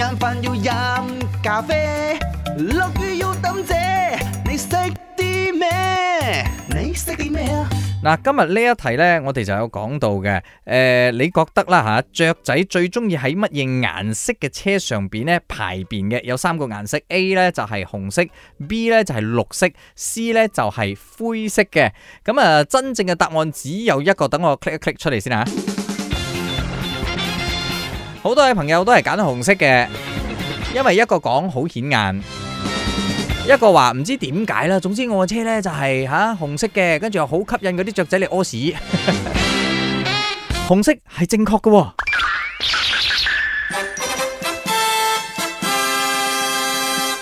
眼飯要飲咖啡，落雨要抌遮，你識啲咩？你識啲咩啊？嗱，今日呢一題呢，我哋就有講到嘅。誒、呃，你覺得啦吓，雀仔最中意喺乜嘢顏色嘅車上邊呢排便嘅？有三個顏色，A 呢就係、是、紅色，B 呢就係、是、綠色，C 呢就係、是、灰色嘅。咁、嗯、啊，真正嘅答案只有一個，等我 click 一 click 出嚟先吓、啊。好多嘅朋友都係揀紅色嘅，因為一個講好顯眼，一個話唔知點解啦。總之我嘅車呢就係吓紅色嘅，跟住又好吸引嗰啲雀仔嚟屙屎。紅色係 正確嘅。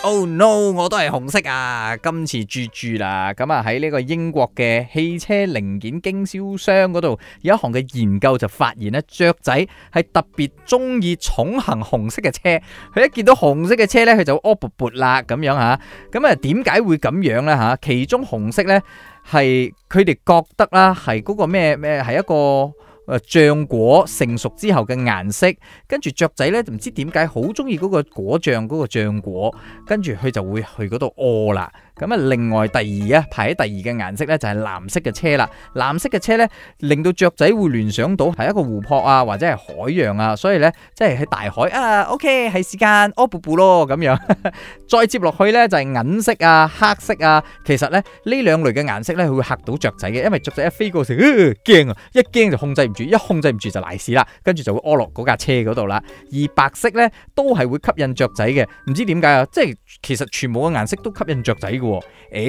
Oh no！我都係紅色啊，今次住住啦。咁啊，喺呢個英國嘅汽車零件經銷商嗰度有一項嘅研究就發現咧，雀仔係特別中意重行紅色嘅車。佢一見到紅色嘅車咧，佢就屙卜卜啦咁樣吓。咁啊，點解會咁樣咧吓？其中紅色咧係佢哋覺得啦，係嗰個咩咩係一個。誒，醬果成熟之後嘅顏色，跟住雀仔呢就唔知點解好中意嗰個果醬，嗰個醬果，跟住佢就會去嗰度屙啦。咁啊，另外第二啊，排喺第二嘅顏色咧就係藍色嘅車啦。藍色嘅車咧，令到雀仔會聯想到係一個湖泊啊，或者係海洋啊。所以咧，即係喺大海啊、ah，OK，係時間屙布布咯咁樣 再接落去咧就係、是、銀色啊、黑色啊。其實咧呢兩類嘅顏色咧，佢會嚇到雀仔嘅，因為雀仔一飛過時驚啊、呃，一驚就控制唔住，一控制唔住就瀨屎啦，跟住就會屙落架車度啦。而白色咧都係會吸引雀仔嘅，唔知點解啊？即係其實全部嘅顏色都吸引雀仔。誒、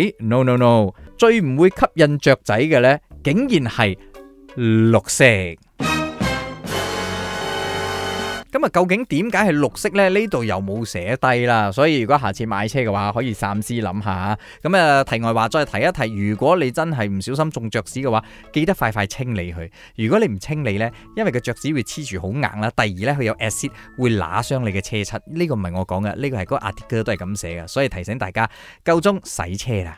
哎、no no no，最唔會吸引雀仔嘅呢，竟然係綠色。咁啊，究竟點解係綠色呢？呢度又冇寫低啦，所以如果下次買車嘅話，可以三思諗下。咁啊，題外話再提一提，如果你真係唔小心中雀屎嘅話，記得快快清理佢。如果你唔清理呢，因為個雀屎會黐住好硬啦。第二呢，佢有 acid 會攋傷你嘅車漆。呢個唔係我講嘅，呢個係嗰個 article 都係咁寫嘅，所以提醒大家夠鐘洗車啦。